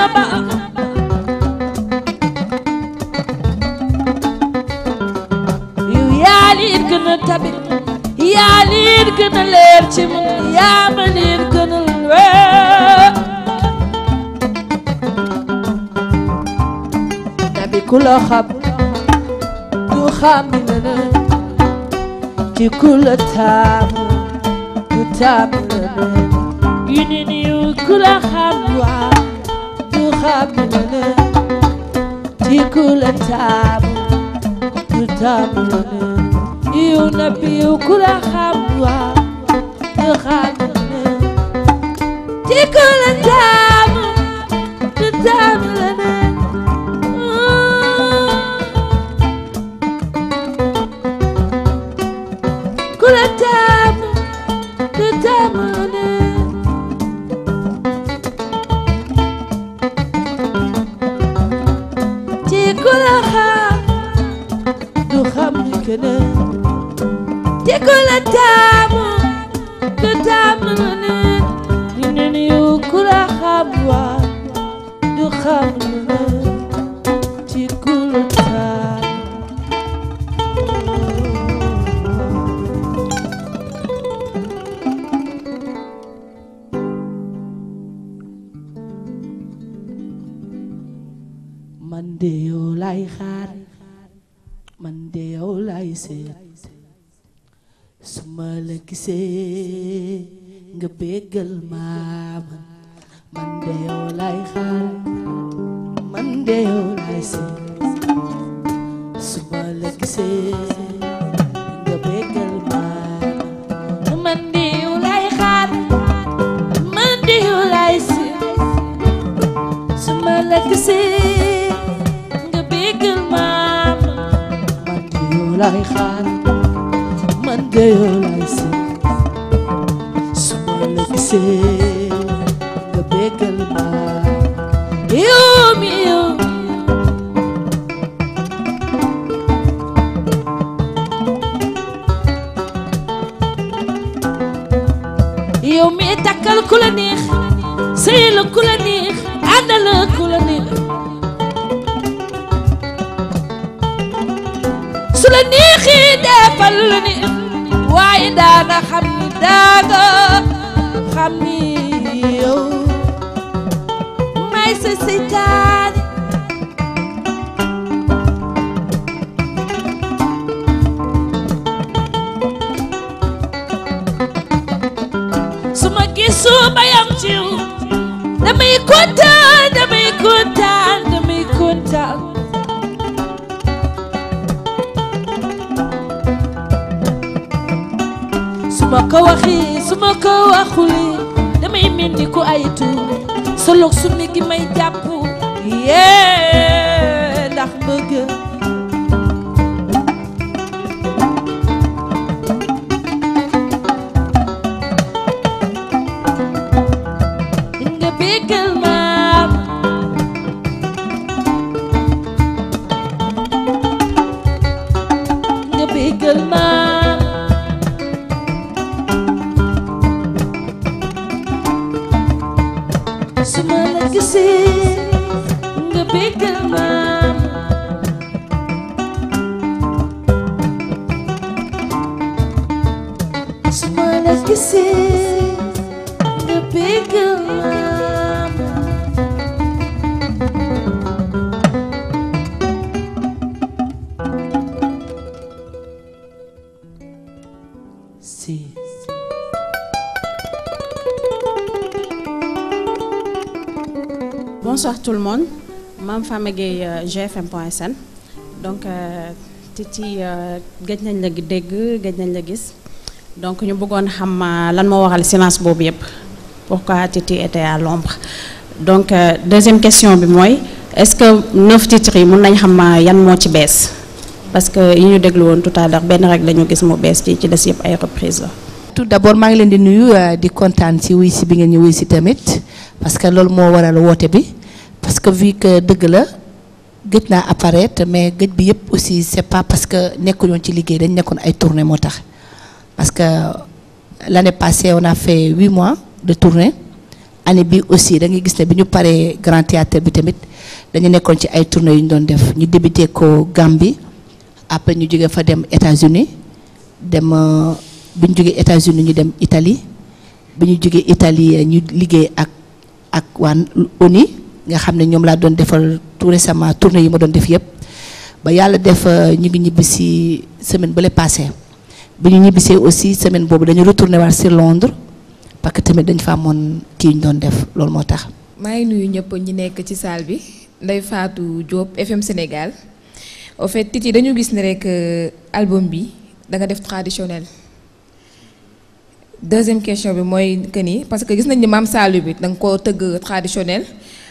na ba yow yaa liir gën a tabi yaa liir gën a leer ci man yaa ma liir gën a leer nabi ku la xam du xam ne na ci ku la taamu du taamu la ne yu ni ni ku la xam waa xamna tikula tabu tabu yu nabi kula xamwa xamna tikula tabu ku la xam du xam keneen te ku la taamu du taamu neneen ñu ne ku la xam waa du xam neneen nga béggal ma man de yow lay xaar man de yow lay see su ma la gisee nga béggal ma man de yow lay xaar man de yow lay see su ma la gisee nga béggal ma man de yow lay xaar man de yow lay see sey nga bégal ma yow mi yow mi yow mi takkal ku la neex seyal ku la neex àndal ku la neex su la neexee defal la neex waaye daana xam ni daaga xam ni yow may sa seytaane su ma gisu bayam ci damay kontaan ka waxee su ma ko waxulee damay mel ni ku ay tuur solo su mi gi may jàpp yee Mame Fama Gueye euh, GFM point sn donc euh, Titi euh, gëj nañ la dégg gëj nañ la gis donc ñu bëggoon xam ma lan moo waral silence boobu yëpp pourquoi Titi était à l'ombre donc deuxième question bi mooy est-ce que neuf titres yi mën nañ xam yan moo ci bees parce que yi ñu déglu woon tout à benn rek la gis mu bees ci ci des yëpp ay reprise la. tout d'abord maa ngi leen di nuyu di kontaan ci wuy si bi ngeen ñu wuy si tamit parce que loolu moo waral woote bi. parce que vu que dëgg la gëj naa apparaître mais gëj bi yëpp aussi c'est pas parce que nekkuñoon ci liggéey dañ nekkoon ay tournée moo tax parce que l'année passée on a fait huit mois de tournée année bi aussi da ngay gis ne bi ñu paree grand théâtre bi tamit dañu nekkoon ci ay tournée yu ñu doon def ñu débuté ko Gambie après ñu jóge fa dem États-Unis dem euh, bi ñu jógee États-Unis ñu dem Italie bi ñu jógee Italie euh, ñu liggéey ak ak waa ONU nga xam ne ñoom laa doon defal tout récemment tournée yi ma doon def yëpp ba yàlla def euh, ñu ngi ñibbi si semaine bële passé bi ñu ñibbisee aussi semaine boobu dañu retourné waat si Londres parce que tamit dañ fa kii ñu doon def loolu moo tax. maa ngi nuyu ñëpp ñi nekk ci salle bi Ndeye Fatou Diop FM Sénégal au fait Titi dañu gis ne rek euh, album bi da def traditionnel. deuxième question bi mooy que ni parce que gis nañ ni maam Saliou bi da nga koo tëgg traditionnel.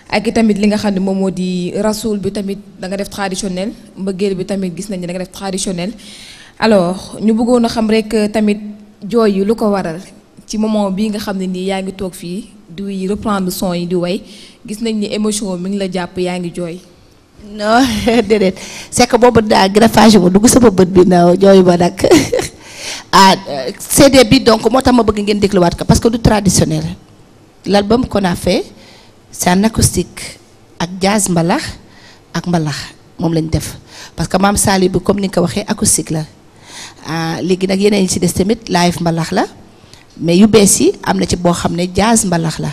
ak tamit li nga xam ne moom moo di rasul bi tamit danga nga def traditionnel mbëggeel bi tamit gis nañ ne da nga def traditionnel alors ñu bëggoon a xam rek euh, tamit jooy yi lu ko waral ci moment bii nga xam ne nii yaa ngi toog fii di reprendre son yi di way gis nañ ni émotion mi ngi la jàpp yaa ngi jooy. non déedéet c'est que boobu daa greffage bu dugg sama bët bi na jooy ba nag ah euh, CD bi donc moo tax ma bëgg ngeen dégluwaat ko parce que du traditionnel l'album qu'on a fait. sànn acoustique ak jazz mbalax ak mbalax moom lañ def parce que maam Sali bi comme ni nga ko waxee acoustique la ah, léegi nag yeneen yi ci des tamit live mbalax la mais yu bees yi am na ci boo xam ne jazz mbalax la.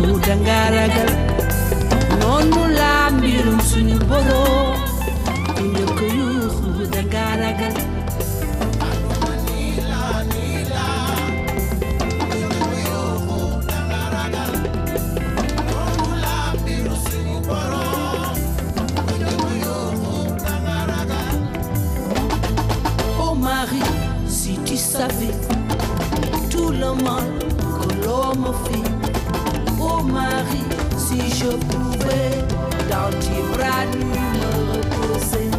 loolu danga ragal noonu laa mbirum suñu boroom ku njëkk yuuxu danga ragal oh Marie, si tu savais tout le mal que l'homme fait. Marie, si je pouvais dans tes bras nus me reposer.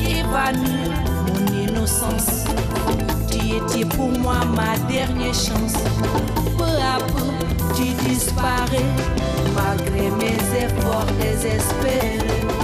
Évanouir mon innocence, pour moi ma dernière chance. Peu à peu, tu disparais, malgré mes efforts désespérés.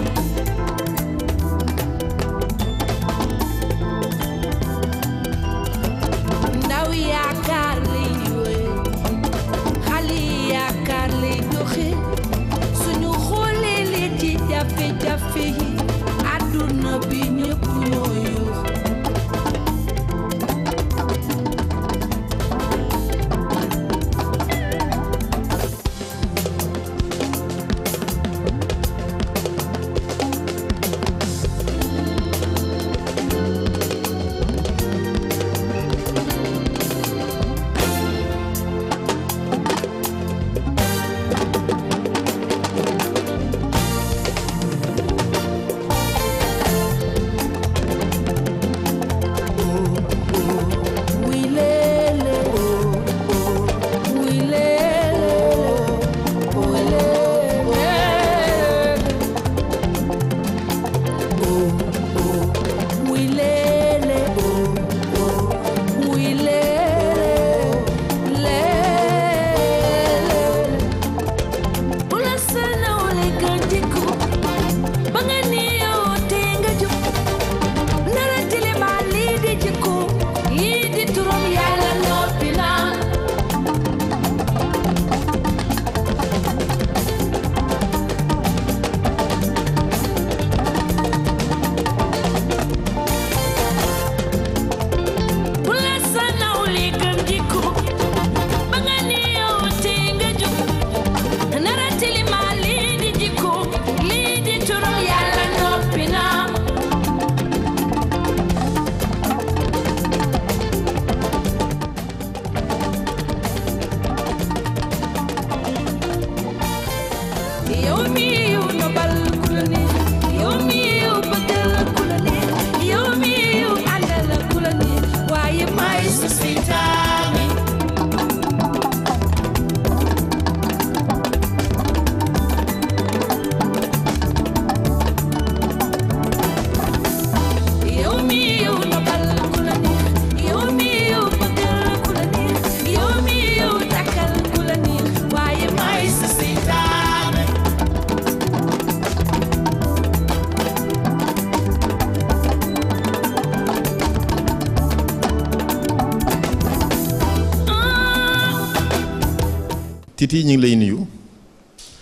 Titi ñu ngi lay nuyu.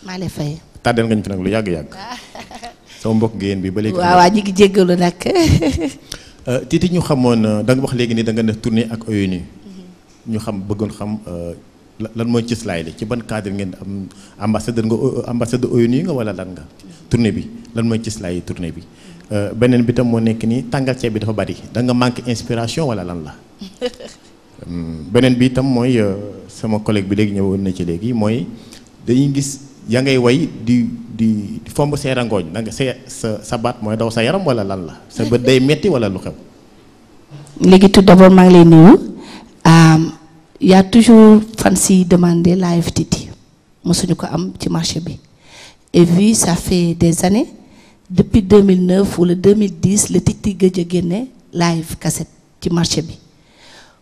maa lay fay. tàddeel nga ñu fi nag lu yàgg yàgg. sama mbokk géen bi ba léegi. waaw waaw ñu ngi jéggalu nag. Euh, Titi ñu xamoon euh, danga wax léegi ni da nga def tournée ak ONU. Mhm. ñu xam bëggoon xam euh, lan mooy cëslaay li ci ban cadre ngeen am ambassadeur nga ambassadeur ONU nga wala lan nga. Mhm. tournée bi lan mooy cëslaay yi tournée bi. beneen bi tam moo nekk ni tàngal ceeb bi dafa bari da nga manque wala lan la. Hmm, mooy. sama collègue bi léegi ñëwoon na ci léegi mooy dañuy gis yaa ngay way di di fomb say ngooñ da nga sa sa sa baat mooy daw sa yaram wala lan la sa bët day metti wala lu xew. léegi tout d'abord maa ngi lay nuyu y a toujours fan si demander live Titi mosuñu ko am ci marché bi et vu ça fait des années depuis 2009 wala 2010 la Titi gëj a génne live cassette ci marché bi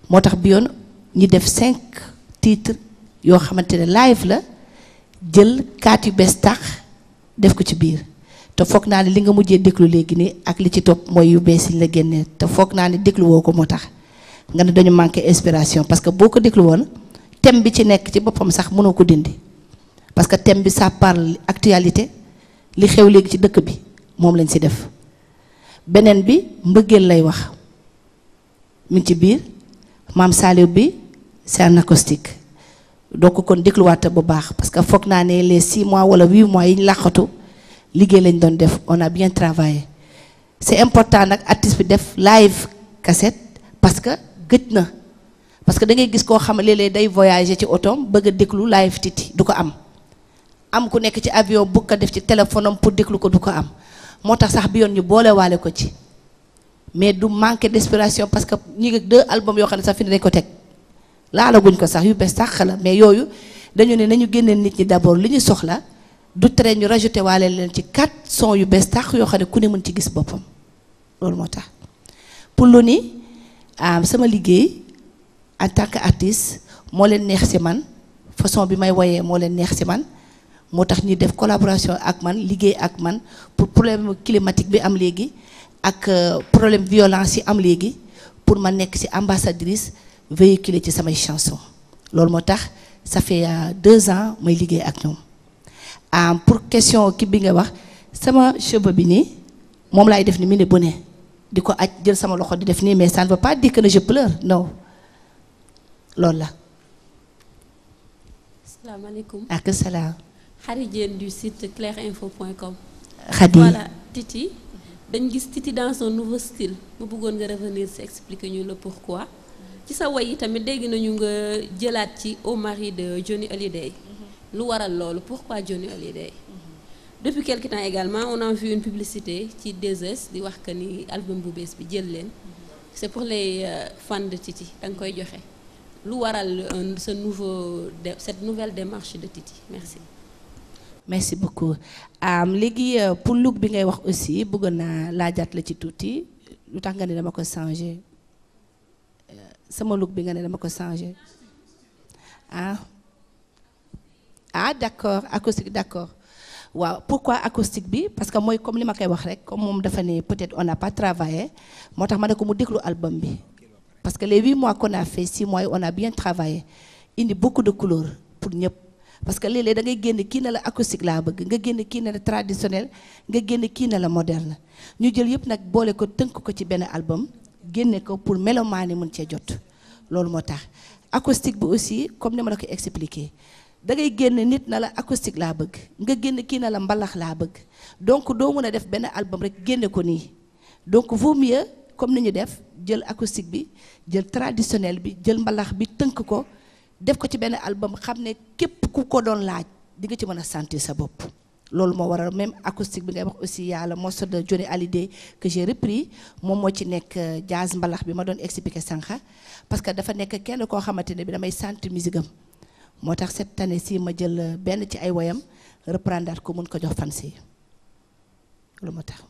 moo tax bi yoon ñi def cinq. titre yoo xamante ne live la jël kaat yu bees tax def ko ci biir te foog naa ne li nga mujjee déglu léegi nii ak li ci topp mooy yu bees yi la génnee te foog naa ni déglu woo ko moo tax nga ne dañu manqué inspiration parce que boo ko déglu woon thème bi ci nekk ci boppam sax mënoo ko dindi parce que thème bi ça actualité li xew léegi ci dëkk bi moom lañ si def beneen bi mbëggeel lay wax mi ci biir maam Saliou bi c'est un acoustique donc kon dégluwaat bu baax parce que foog naa ne les six mois wala huit mois yi ñu liggéey lañ doon def on a bien travaillé c'est important nag artiste bi def live cassette parce que gëj na parce que dangay gis koo xam lee léeg day voyager ci otoom bëgg a déglu live titi du ko am am ku nekk ci avion bu ko def ci téléphone pour déglu ko du ko am moo tax sax bi yoon ñu waale ko ci mais du manquer d'inspiration parce que ñu ngi deux albums yoo xam ne sax fi ko teg laalaguñ ko sax yu bees sàq la mais yooyu dañu ne nañu génneel nit ñi d'abord li ñu soxla du tere ñu rajouté waale leen ci quatre son yu bees sàq yoo xam ne ku ne mën ci gis boppam loolu moo tax pour lu ni ah, sama liggéey en tant que artiste moo leen neex si man façon bi may woyee moo leen neex si man moo tax ñuy def collaboration ak man liggéey ak man pour problème climatique bi am léegi ak euh, problème violence yi am léegi pour ma nekk si ambassadrice véhiculer ci samay chanson loolu moo tax ça fait euh, deux ans may liggéey ak ñoom ah, pour question ki bi nga wax sama cheveux bi nii moom laay def ni mu ne bu ne di ko aj jël sama loxo di def nii mais san ne veut pas dire que ne je pleure non loolu la. asalaamaaleykum ak salaam. Khady Diène du site clairinfo.com. Khady voilà Titi dañ gis Titi danso son nouveau style bu bëggoon nga revenir si expliquer ñu le pourquoi. ci sa woy yi tamit dégg nañu nga jëlaat ci au mari de Johnny Hallyday mhm. lu waral loolu pourquoi Johnny Hallyday mhm. depuis quelque temps également on a vu une publicité ci 2 di wax que ni album bu bees bi jël leen mhm. c'est pour les euh, fans de Titi da nga koy joxe lu waral sa euh, nouveau cette nouvelle démarche de Titi merci. merci beaucoup léegi euh, pour look bi ngay wax aussi bëggoon naa laajaat la ci tuuti lu tax nga ne dama ko changer. sama look bi nga ne dama ko changé ah ah d'accord acoustique d'accord waaw pourquoi acoustique bi parce que mooy comme li ma koy wax rek comme moom dafa ne peut-être on n'a pas travaillé moo tax ma ne ko mu déglu album bi parce que les huit mois qu'on a fait six mois on a bien travaillé indi beaucoup de couleurs pour ñëpp parce que léeg-léeg da ngay kii ne la acoustique laa bëgg nga génn kii na la traditionnel nga génn kii na la moderne ñu jël yëpp nag boole ko tënk ko ci benn album génne ko pour melomaan mën cee jot loolu moo tax acoustique bi aussi comme ni ma la ko expliqué da ngay génne nit na la acoustique laa bëgg nga génne kii na la mbalax laa bëgg donc doo mën a def benn album rek génne ko nii donc vaut comme ni ñu def jël acoustique bi jël traditionnel bi jël mbalax bi tënk ko def ko ci benn album xam ne képp ku ko doon laaj di nga ci mën a sentir sa bopp loolu moo waral même acoustique bi ngay wax aussi yàlla most morceau de Johnny Hallyday que j'ai repris moom moo ci nekk euh, jazz mbalax bi ma doon expliquer sànqa parce que dafa nekk kenn koo xamante ne bi damay sentir musique am moo tax set année sii ma jël euh, benn ci ay woyam reprendre ko mun ko jox fan si lu ma tax.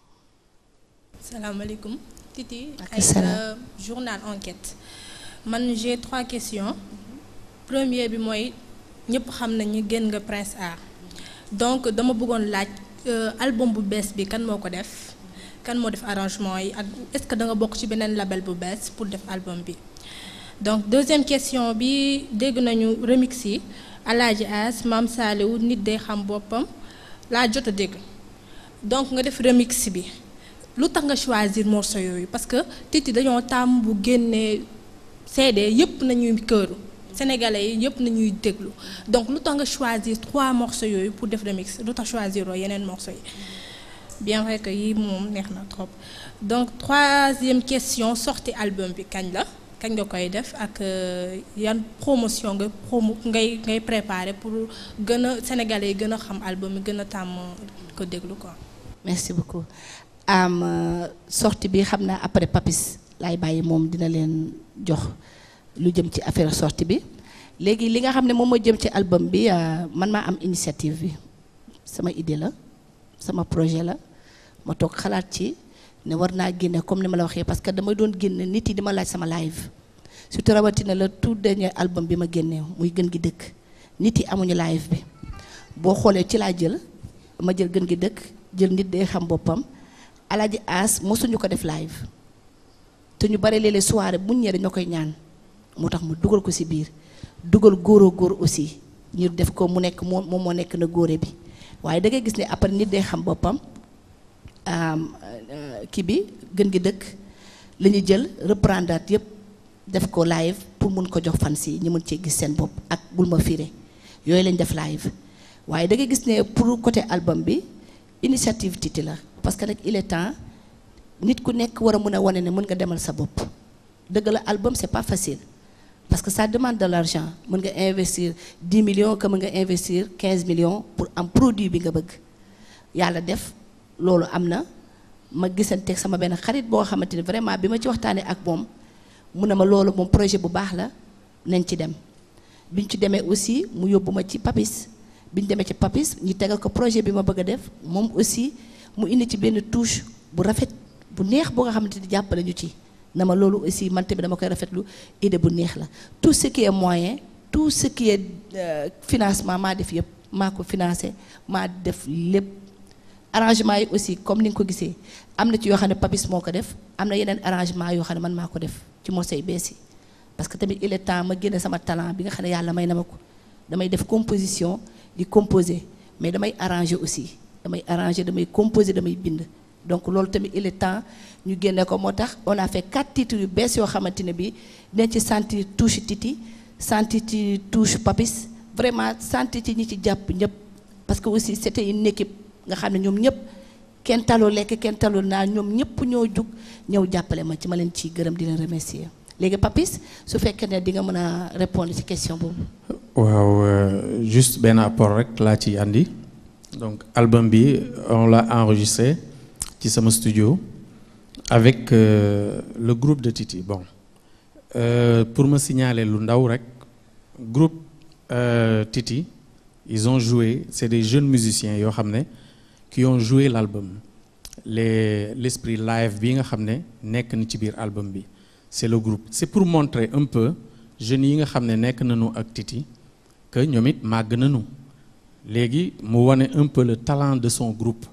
salaamaaleykum. Titi ay euh, journal enquête man j'ai trois questions mhm. premier bi mooy ñëpp xam ñu gën nga Prince Art donc dama bëggoon laaj euh, album bu bees bi kan moo ko def kan moo def arrangement yi ak est-ce que da nga bokk ci beneen label bu bees pour def album bi donc deuxième question bi dégg nañu remix yi Alaaji As Maam Saaliwu nit day xam boppam laa jot a dégg donc nga def remix bi lu tax nga choisir morceau yooyu parce que tiiti dañoo tàmm bu génnee CD yépp nañuy këru sénégalais yi yëpp nañuy déglu donc lu tax nga choisir trois morceaux yooyu pour def remix lu tax choisir yeneen morceaux yi bien vrai que yi moom neex na trop donc troisième question sorti album bi kañ la kañ nga koy def ak euh, yan promotion nga promo ngay ngay préparer pour gën a sénégalais yi gën a xam album yi gën a tàmm ko déglu quoi. merci beaucoup am euh, sortie bi xam naa après papis laay bàyyi moom dina leen jox. lu jëm ci affaire sorti bi léegi li nga xam ne moom moo jëm ci album bi euh, man maa am initiative bi sama idée la sama projet la ma toog xalaat ci ne war naa génne comme li ma la waxee parce que dama doon génne nit yi di ma laaj sama live surtout rawatina la tout dernier album bi ma génnee muy gën gi dëkk nit yi amuñu live bi boo xoolee ci laa jël ma jël gën gi dëkk jël nit day xam boppam alaaji aas mosuñu ko def live te ñu bare léeg-léeg soirée buñ ñëwee dañoo koy ñaan moo tax mu dugal ko ci biir dugal góoroo góor aussi ñu def ko mu nekk moom moom moo nekk na góore bi waaye da ngay gis ne après nit day xam boppam euh, kii bi gën gi dëkk la ñuy jël reprendre yëpp def ko live pour mun ko jox fan si ñu mun cee gis seen bopp ak bul ma fiire yooyu lañ def live waaye da ngay gis ne pour côté album bi initiative Titi la parce que nag il est temps nit ku nekk war a mën a wane ne mën nga demal sa bopp dëgg la album c'est pas facile. parce que ça demande de l'argent mën nga investir dix millions que mën nga investir quinze millions pour am produit bi nga bëgg yàlla def loolu am na ma gisanteeg sama benn xarit boo xamante ni vraiment bi ma ci waxtaanee ak moom mun ne ma loolu moom projet bu baax la nañ ci dem biñ ci demee aussi mu yóbbu ma ci papis biñ demee ci papis ñu tegal ko projet bi ma bëgg a def moom aussi mu indi ci benn touche bu rafet bu neex boo nga xamante ni jàppale ñu ci na ma loolu aussi man tamit dama koy rafetlu idée bu neex la tout ce qui est moyen tout ce qui est euh, financement maa def yëpp maa ko financé maa def lépp arrangement yi aussi comme ni nga ko gisee am na ci yoo xam ne papis moo ko def am na yeneen arrangement yoo xam ne man maa ko def ci morceau yu bees yi parce que tamit il est temps ma génne sama talent bi nga xam ne yàlla may na ma ko damay def composition di composer mais damay arranger aussi damay arranger damay composer damay bind donc loolu tamit il temps ñu génne ko moo tax on a fait quatre titres yu bees yoo xamante ne bi dañ ci sentir touche Titi sentir ci touche Papis vraiment sentir ci ñi ci jàpp ñëpp parce que aussi c'était une équipe nga xam ne ñoom ñëpp kenn taloo lekk kenn taloo naa ñoom ñëpp ñoo jug ñëw jàppale ma ci ma leen ciy gërëm di leen remercier léegi Papis su fekkee ne di nga mën a répondre ci question boobu. waaw euh, juste benn apport rek laa ci andi donc album bi on l'a ci sama studio avec euh, le groupe de Titi bon euh, pour me signaler lu ndaw rek groupe euh, Titi ils ont joué c'est des jeunes musiciens yoo xam ne qui ont joué l'album les l'esprit live bi nga xam ne nekk na ci biir album bi c'est le groupe c'est pour montrer un jeunes yi nga xam ne nekk nañu ak Titi que ñoom it màgg nañu léegi mu wane un peu le talent de son groupe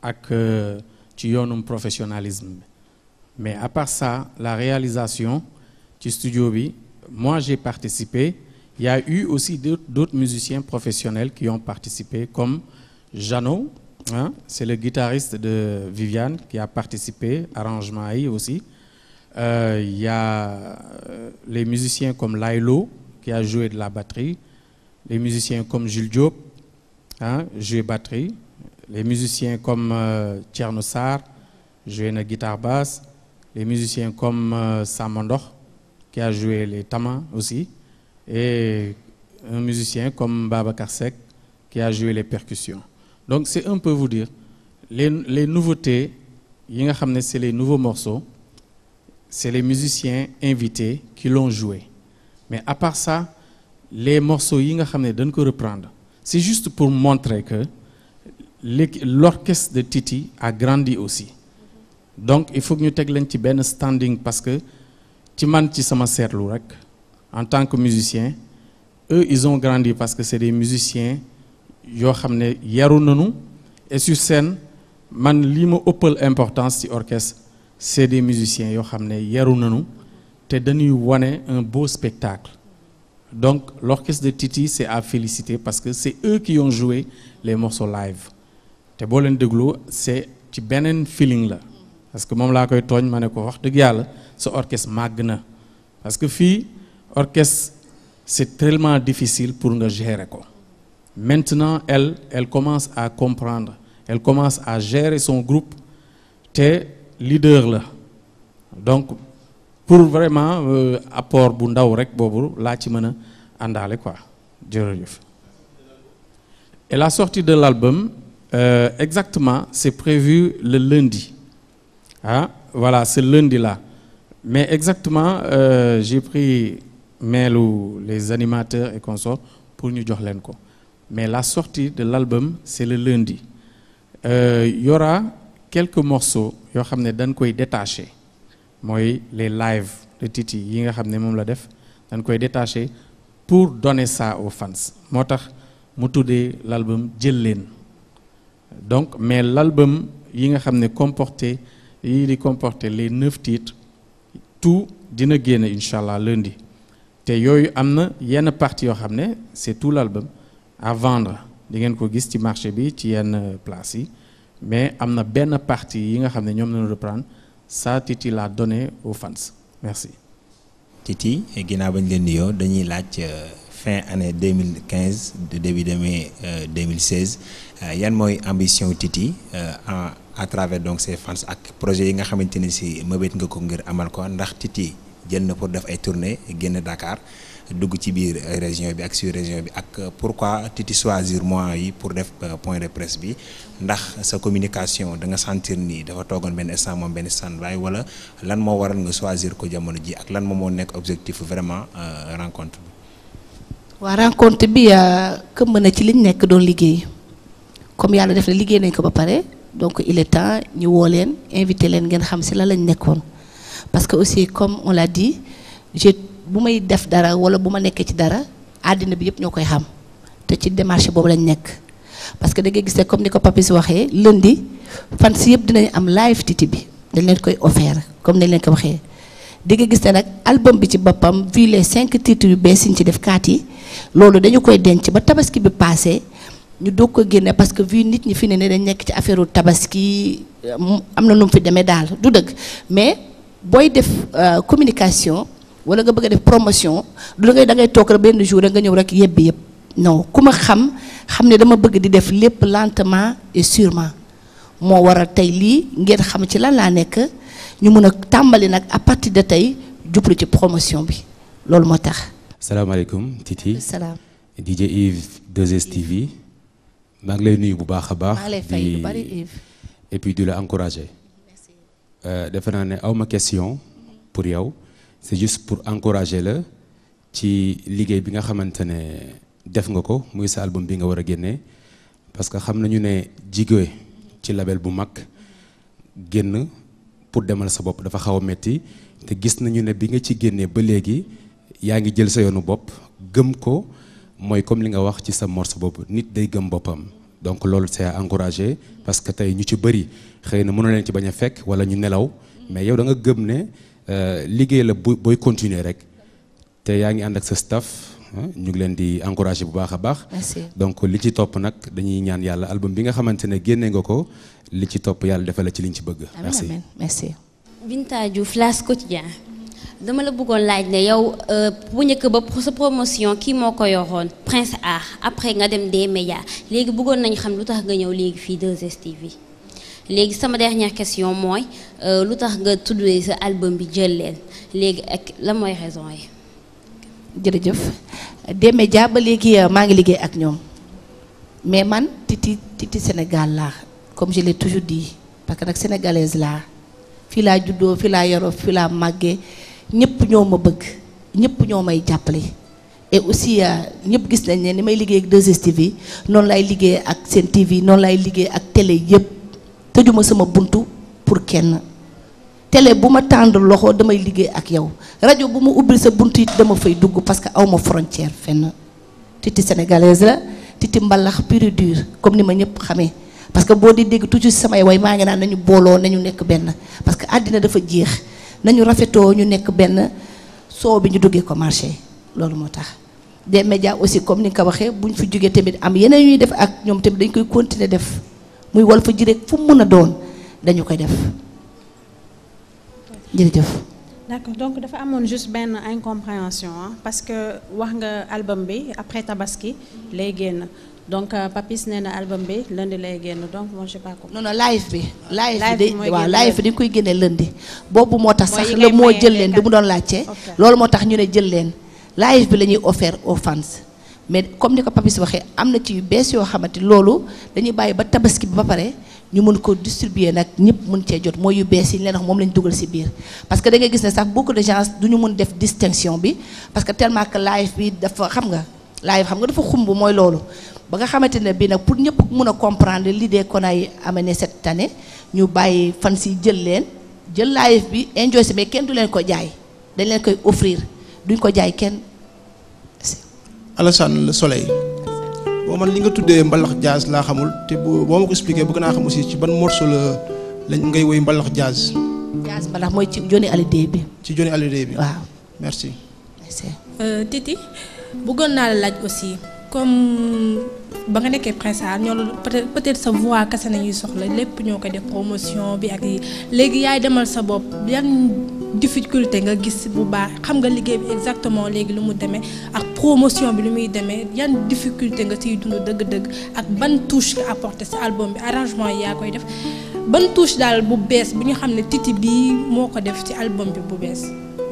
ak euh, ci yoonum professionnalisme bi mais à part ça la réalisation ci studio bi moi j'ai participé il y a eu aussi d'autres musiciens professionnels qui ont participé comme Jeannot ah c'est le guitariste de Viviane qui a participé arrangement yi aussi euh, il y a euh, les musiciens comme Laylo qui a joué de la batterie les musiciens comme Jules Diop ah joué batterie Les musiciens comme euh, Tcherno Sar, joué la guitare basse. Les musiciens comme euh, Samandor, qui a joué les tamas aussi. Et un musicien comme Baba Karsek, qui a joué les percussions. Donc c'est un peu vous dire, les, les nouveautés, c'est les nouveaux morceaux, c'est les musiciens invités qui l'ont joué. Mais à part ça, les morceaux, ils reprendre. C'est juste pour montrer que l'orchestre de Titi a grandi aussi donc il faut ñu teg leen ci benn standing parce que ci man ci sama seetlu rek en tant que musicien eux ils ont grandi parce que c'est des musiciens yoo xam ne yaru nanu et sur man lii ma ëppal importance ci orchestre c'est des musiciens yoo xam ne yaru nañu te dañuy wane un beau spectacle donc l'orchestre de Titi c'est à féliciter parce que c'est eux qui ont joué les morceaux live te boo leen déglu c'est ci beneen feeling la parce que moom laa koy tooñ ma ne ko wax dëgg yàlla sa orchestre màgg na parce que fii orchestre c'est tellement difficile pour nga gérer ko maintenant elle elle commence à comprendre elle commence à gérer son groupe te leader la donc pour vraiment euh, apport bu ndaw rek boobu laa ci mën a àndaale quoi jërëjëf et la sortie de l'album Euh, exactement, c'est prévu le lundi. Hein? Ah, voilà, ce lundi-là. Mais exactement, euh, j'ai pris mail ou les animateurs et consorts pour ñu jox leen ko mais la sorti de l'album c'est le lundi euh, y aura quelques yoo xam ne dañ koy détaché mooy les lives de Titi yi nga xam ne moom la def dañ koy détaché pour donner ça aux fans moo tax mu tuddee l'album jël leen donc mais l'album yi nga xam ne comporté yi di comporté les neuf titres tout dina génn incha allah lundi te yooyu am na yenn partie yoo xam ne c'est tout l'album à vendre di ngeen ko gis ci marché bi ci yenn place yi mais am na benn partie yi nga xam ne ñoom lañu reprendre ça Titi l'a donné au fans merci. Titi ginnaaw bañ leen nuyoo dañuy laaj. Euh, fin année 2015 de début de mai 2016 euh, euh, yan mooy ambition Titi euh, en à travers donc ses fans ak projet yi nga xamante ni si mëbët nga ko ngir amal ko ndax Titi jël na pour def ay tournée génn Dakar dugg ci biir région bi ak sur région bi ak pourquoi Titi choisir mois yi pour def point de presse bi ndax sa communication da nga sentir ni dafa toogoon benn instant moom benn standby wala lan moo waral nga choisir ko jamono ji ak lan moom moo nekk objectif vraiment rencontre bi waa rencontre bi euh, këmb na ci liñ nekk doon liggéey comme yàlla def na liggéey nañ ko ba pare donc il est temps ñu woo leen invité leen ngeen xam si la lañ nekkoon parce que aussi comme on l'a dit j'ai bu may def dara wala bu ma nekkee ci dara àddina bi yëpp ñoo koy xam te ci démarche boobu lañ nekk parce que da ngay gisee comme ni ko si waxee lundi fan si yëpp dinañ am live Titi bi dañ leen koy offert comme nañ leen ko waxee di nga gis ne nag album bi ci boppam vu les cinq titres yu bees yi ci def kaat yi loolu dañu koy denc ba tabaski bi passé ñu doog ko génne parce que vu nit ñi fi ne ne dañ nekk ci affaire tabaski euh, am na nu fi demee daal du dëkk mais booy def euh, communication wala nga bëgg a def promotion du la ngay da ngay toog benn jour rek nga ñëw rek yebbi yëpp non ku ma xam xam ne dama bëgg di def lépp lentement et sûrement. moo waral tey lii ngeen xam ci lan laa nekk ñu mën a tàmbali nag à partir de tey jublu ci promotion bi loolu moo tax. salaamaaleykum Titi salaam. DJ Yves 2STV maa ngi lay nuyu bu baax a baax. maa lay fay lu bari Yves et puis euh, defe naa ne awma question pour yow c'est juste pour encourager la ci liggéey bi nga xamante ne def nga ko muy sa album bi nga war a génnee parce que xam nañu ne jigéen. ci label bu mag génn pour demal sa bopp dafa xaw a metti te gis nañu ne bi nga ci génnee ba léegi yaa ngi jël sa yoonu bopp gëm ko mooy comme li nga wax ci sa morceau bopp nit day gëm boppam donc loolu c'est à encourager parce que tey ñu ci bëri xëy na mënoo leen ci bañ a fekk wala ñu nelaw mais yow da nga gëm ne euh, liggéey la bu booy continuer rek te yaa ngi ànd ak sa staff ñu ngi leen di encouragé bu baax a baax. donc li ci topp nag dañuy ñaan yàlla album bi nga xamante ne génne nga ko li ci topp yàlla defal la ci liñ ci bëgg. merci amiin merci. Binta Diouf L'As Quotidien dama la bëggoon laaj ne yow euh, bu njëkk ba sa promotion kii moo ko yoroon Prince Art après nga dem des médias léegi bëggoon nañ xam lu tax nga ñëw léegi fii 2STV léegi sama dernière question mooy euh, lu tax nga tuddee sa album bi jël leen léegi ak la mooy raison yi. jërëjëf Deme Dia euh, maa ngi liggéey ak ñoom mais man titi titi Sénégal laa comme je toujours di parce que nag sénégalaise laa fii laa juddoo fii laa yoroo fii laa màggee ñëpp ñoo ma bëgg ñëpp ñoo may jàppale et aussi euh, ñëpp gis nañ ne ni may liggéey ak 2STV noonu lay liggéey ak seen TV noonu lay liggéey ak télé yëpp tëjuma sama buntu pour kenn. tele bu ma tendre loxo damay liggéey ak yow rajo bu ma ubbil sa bunt it dama fay dugg parce que aw ma frontière fenn titi sénégalaise la titi mbalax pur et comme ni ma ñëpp xamee parce que boo di dégg toujours samay way maa ngi naan nañu booloo nañu nekk benn parce que àddina dafa jeex ñu rafetoo ñu nekk benn soo bi ñu duggee ko marché loolu moo tax des médias aussi comme ni nga ko waxee bu ñu fi jógee tamit am yeneen yuy def ak ñoom tamit dañ koy continuer def muy Walfadjri rek fu mu mën a doon dañu koy def jërëjëf. d'accord donc dafa amoon juste benn incompréhension parce que wax nga album bi après tabaski lay génn donc euh, Papis nee na album bi lundi lay génn donc moi j'ai pas compris. non non live bi. live bi waaw live bi dañ koy génne lundi. boobu moo tax sax moo jël leen bi mu doon laajte. loolu moo tax ñu ne jël leen live bi la ñuy offert aux fans. mais comme ni ko Papis waxee am na ci yu bees yoo xamante loolu dañuy bàyyi ba tabaski bi ba pare. ñu mën ko distribuer nag ñëpp mun cee jot mooy yu bees yi ñu leen wax moom lañ dugal ci biir parce que da ngay gis ne sax beaucoup de gens du ñu mun def distinction bi parce que tellement que live bi dafa xam nga live xam nga dafa xumb mooy loolu ba nga xamante ne bii nag pour ñëpp mun a comprendre l'idée qu'on a amené cette année ñu bàyyi fan si jël leen jël live bi enjoy si mais kenn du leen ko jaay dañ leen koy offrir duñ ko jaay kenn Alassane le soleil boo man li nga tuddee mbalax jazz laa xamul te bu boo ma ko expliqué bëgg naa xam aussi ci ban morceau la lañ ngay woy mbalax jazz. jazz mbalax mooy ci Johnny Hallyday bi. ci Johnny Hallyday bi waaw. merci. merci. Euh, Titi bëggoon naa la laaj aussi. comme ba nga nekkee pressar ñoo peut-être peut-être sa voix kese nañuy soxla lépp ñoo ko def promotion bi ak yi léegi yaay demal sa bopp yan difficulté nga gis bu baax xam nga liggéey bi exactement léegi lu mu demee ak promotion bi lu muy demee yan difficulté nga ciy dund dëgg-dëgg ak ban touche nga apporté sa album bi arrangement yi yaa koy def ban touche daal bu bees bi ñu xam ne Titi bii moo ko def ci album bi bu bees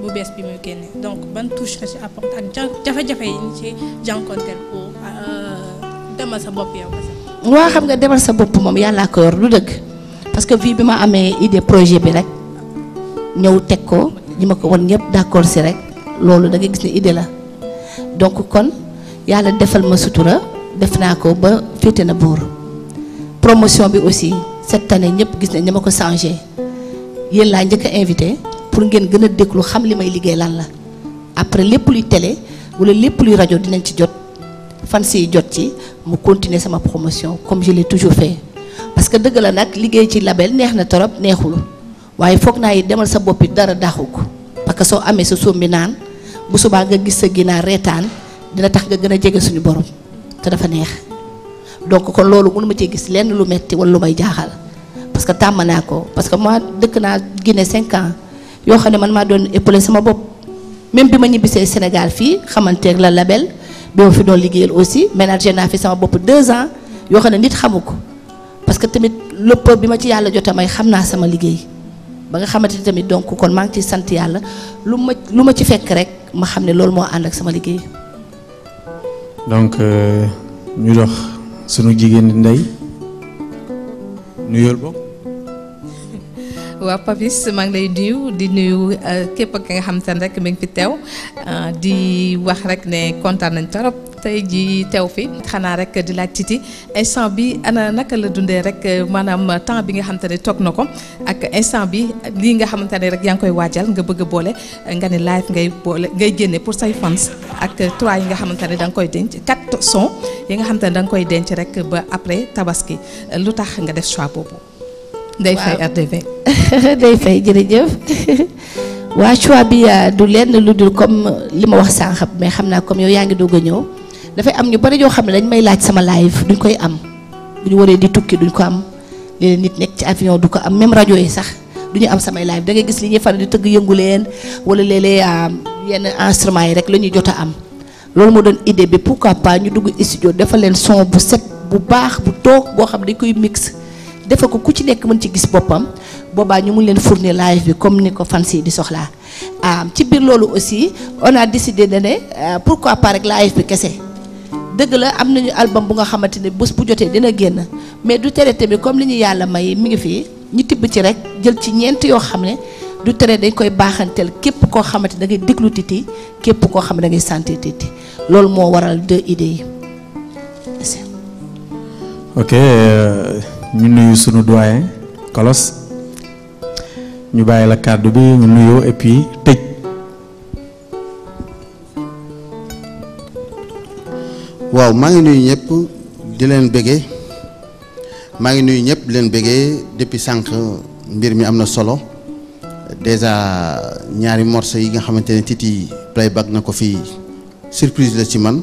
bu bees bi muy génne donc ban touche nga ci apporte ak jafe-jafe yi ñu ci jànkonteel pour euh, demal sa bopp xam nga demal sa bopp moom yàlla ko yor lu dëgg parce que fii bi ma amee idée projet bi rek ñëw teg ko ñi ma ko wan ñëpp d'accord si rek loolu da nga gis ne idée la donc kon yàlla defal ma sutura def naa ko ba féete na buur promotion bi aussi cette année ñëpp gis nañ ni ma ko changé yéen laa njëkk invité. pour ngeen gën a déglu xam li may liggéey lan la après lépp luy télé wala lépp luy rajo dinañ ci jot fan si jot ci mu continuer sama promotion comme je l'ai toujours fait parce que dëgg la nag liggéey ci label neex na torop neexul waaye foog naa yi demal sa bopp it dara daaxu ko parce que soo amee sa suum bi naan bu subaa nga gis sa ginaar reetaan dina tax nga gën a jege suñu borom te dafa neex donc kon loolu mënu ma cee gis lenn lu metti wala lu may jaaxal parce que tàmm naa ko parce que moi dëkk naa Guinée cinq ans yoo xam ne man maa doon épaulé sama bopp même bi ma ñibbisee Sénégal fii xamanteeg la label bi ma fi doon liggéeyal aussi ménager naa fi sama bopp deux ans yoo xam ne nit xamu ko parce que tamit lépp bi ma ci yàlla jotee may xam naa sama liggéey ba nga xamante ni tamit donc kon maa ngi ciy sant yàlla lu ma lu ma ci fekk rek ma xam ne loolu moo ànd ak sama liggéey. donc euh, ñu dox sunu jigéen Ndeye nuyoo bokk. waaw Papis mag lay nuyu di nuyu euh, képp ki nga xam te ne rek mi ngi fi teew euh, di wax rek ne kontaan nañ torop tey ji tew fi xanaa rek di laaj Titi instant bi ana naka la dundee rek maanaam temps bi nga xamante ne toog na ko ak instant bi lii nga xamante ne rek yaa ngi koy waajal nga bëgg a boole nga ne live ngay boole ngay génne pour say fans ak trois yi nga xamante ne da nga koy denc quatre sons yi nga xamante ne da nga koy denc rek ba après tabaski lu tax nga def choix boobu. day fay RTV day fay waa choix bi euh, du lenn lu dul comme euh, li ma wax sànq mais xam naa comme yow yaa ngi doog a ñëw dafay am ñu bari yoo xam ne dañ may laaj sama live duñ koy am ñu waree di tukki duñ ko am nit nekk ci avion du ko am même rajo yi sax du am samay live da ngay gis li ñuy di tëgg yëngu leen wala léeg-léeg euh, yenn yi rek la ñuy jot a am loolu moo doon idée bi pourquoi ñu dugg studio defal leen son bu set bu baax bu toog boo xam dañ koy mix. defe ko ku ci nekk mën ci gis boppam boobaa ñu mun leen fournir live bi comme ni ko fans di soxlaa ci biir loolu aussi on a décidé de ne euh, pourquoi pas rek live bi kese dëgg la am nañu album bu nga xamante ne bés bu jotee dina génn mais du tere bi comme li ñu yàlla may mi ngi fii ñu tibb ci rek jël ci ñeent yoo xam ne du tere dañ koy baaxanteel képp koo xamante da ngay déglu Titi képp koo xam ne da ngay santé Titi loolu moo waral deux idées yi ñu nuyu sunu doyen Kolos ñu bàyyi la kàddu bi ñu nuyoo et puis tëj. waaw maa ngi nuyu ñëpp di leen bëggee maa ngi nuyu ñëpp leen bëggee depuis sànq mbir mi am na solo déjà ñaari morceau yi nga xamante ne Titi playback na ko fii surprise la ci man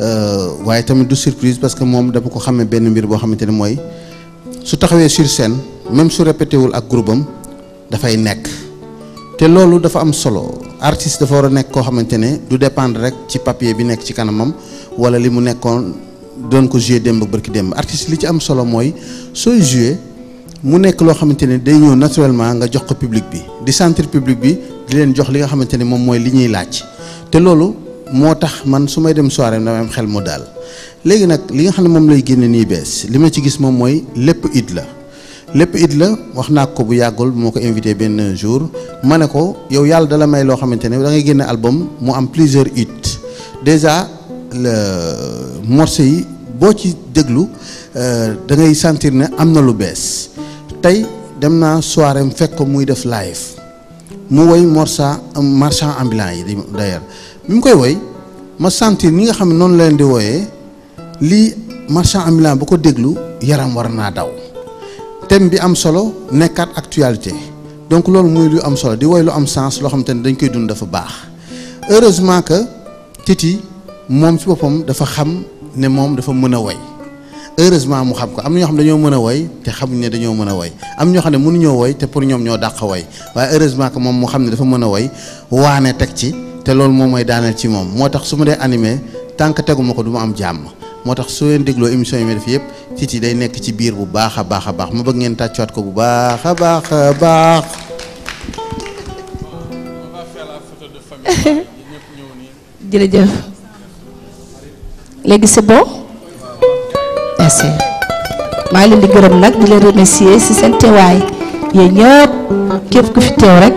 euh, waaye tamit du surprise parce que moom dama ko xamee benn mbir boo xamante ni mooy. su taxawee sur scène même su répété wul ak groupe am dafay nekk te loolu dafa am solo artiste dafa war a nekk koo xamante ne du dépendre rek ci papier bi nekk ci kanamam wala li mu nekkoon doon ko joué démb bërki démb artiste li ci am solo mooy sooy joue mu nekk loo xamante ne day ñëw naturellement nga jox ko public bi di sentir public bi di leen jox li nga xamante ne moom mooy li ñuy laaj te loolu. moo tax man su may dem soirée dama am xel mu daal léegi nag li nga xam ne moom lay génne nii bees li ma ci gis moom mooy lépp it la lépp it la wax naa ko bu yàggul moo ko invité benn jour ma ne ko yow yàlla dala may loo xamante ne da ngay génne album mu am plusieurs it déjà le morceau yi boo ci déglu euh, da ngay sentir ne am na lu bees tey dem naa soirée mu fekk ko muy def live mu woy morsa euh, marchand ambulant yi d'ailleurs bi mu koy woy ma sentir ñi nga xam ne noonu leen di wooyee lii marchand ambulant bu ko déglu yaram war naa daw thème bi am solo nekkaat actualité donc loolu muy lu am solo di woy lu am sens loo xam te ne dañ koy dund dafa baax heureusement que Titi moom ci boppam dafa xam ne moom dafa mën a woy heureusement mu xam ko am na ñoo xam dañoo mën a woy te xamuñ ne dañoo mën a woy am ñoo xam ne mënuñoo woy te pour ñoom ñoo dàq woy waaye heureusement que moom mu xam ne dafa mën a woy waane teg ci te loolu moom moy daaneel ci moom moo tax su ma dee animé tànk teguma ko du ma am jàmm moo tax soo leen dégloo émission yi may def yëpp Titi day nekk ci biir bu baax baax baax ma bëgg ngeen tàccuwaat ko bu baax baax a baax. ngi leen di gërëm nag di leen remercier ci seen teewaay yéen ñëpp képp ku fi teew rek.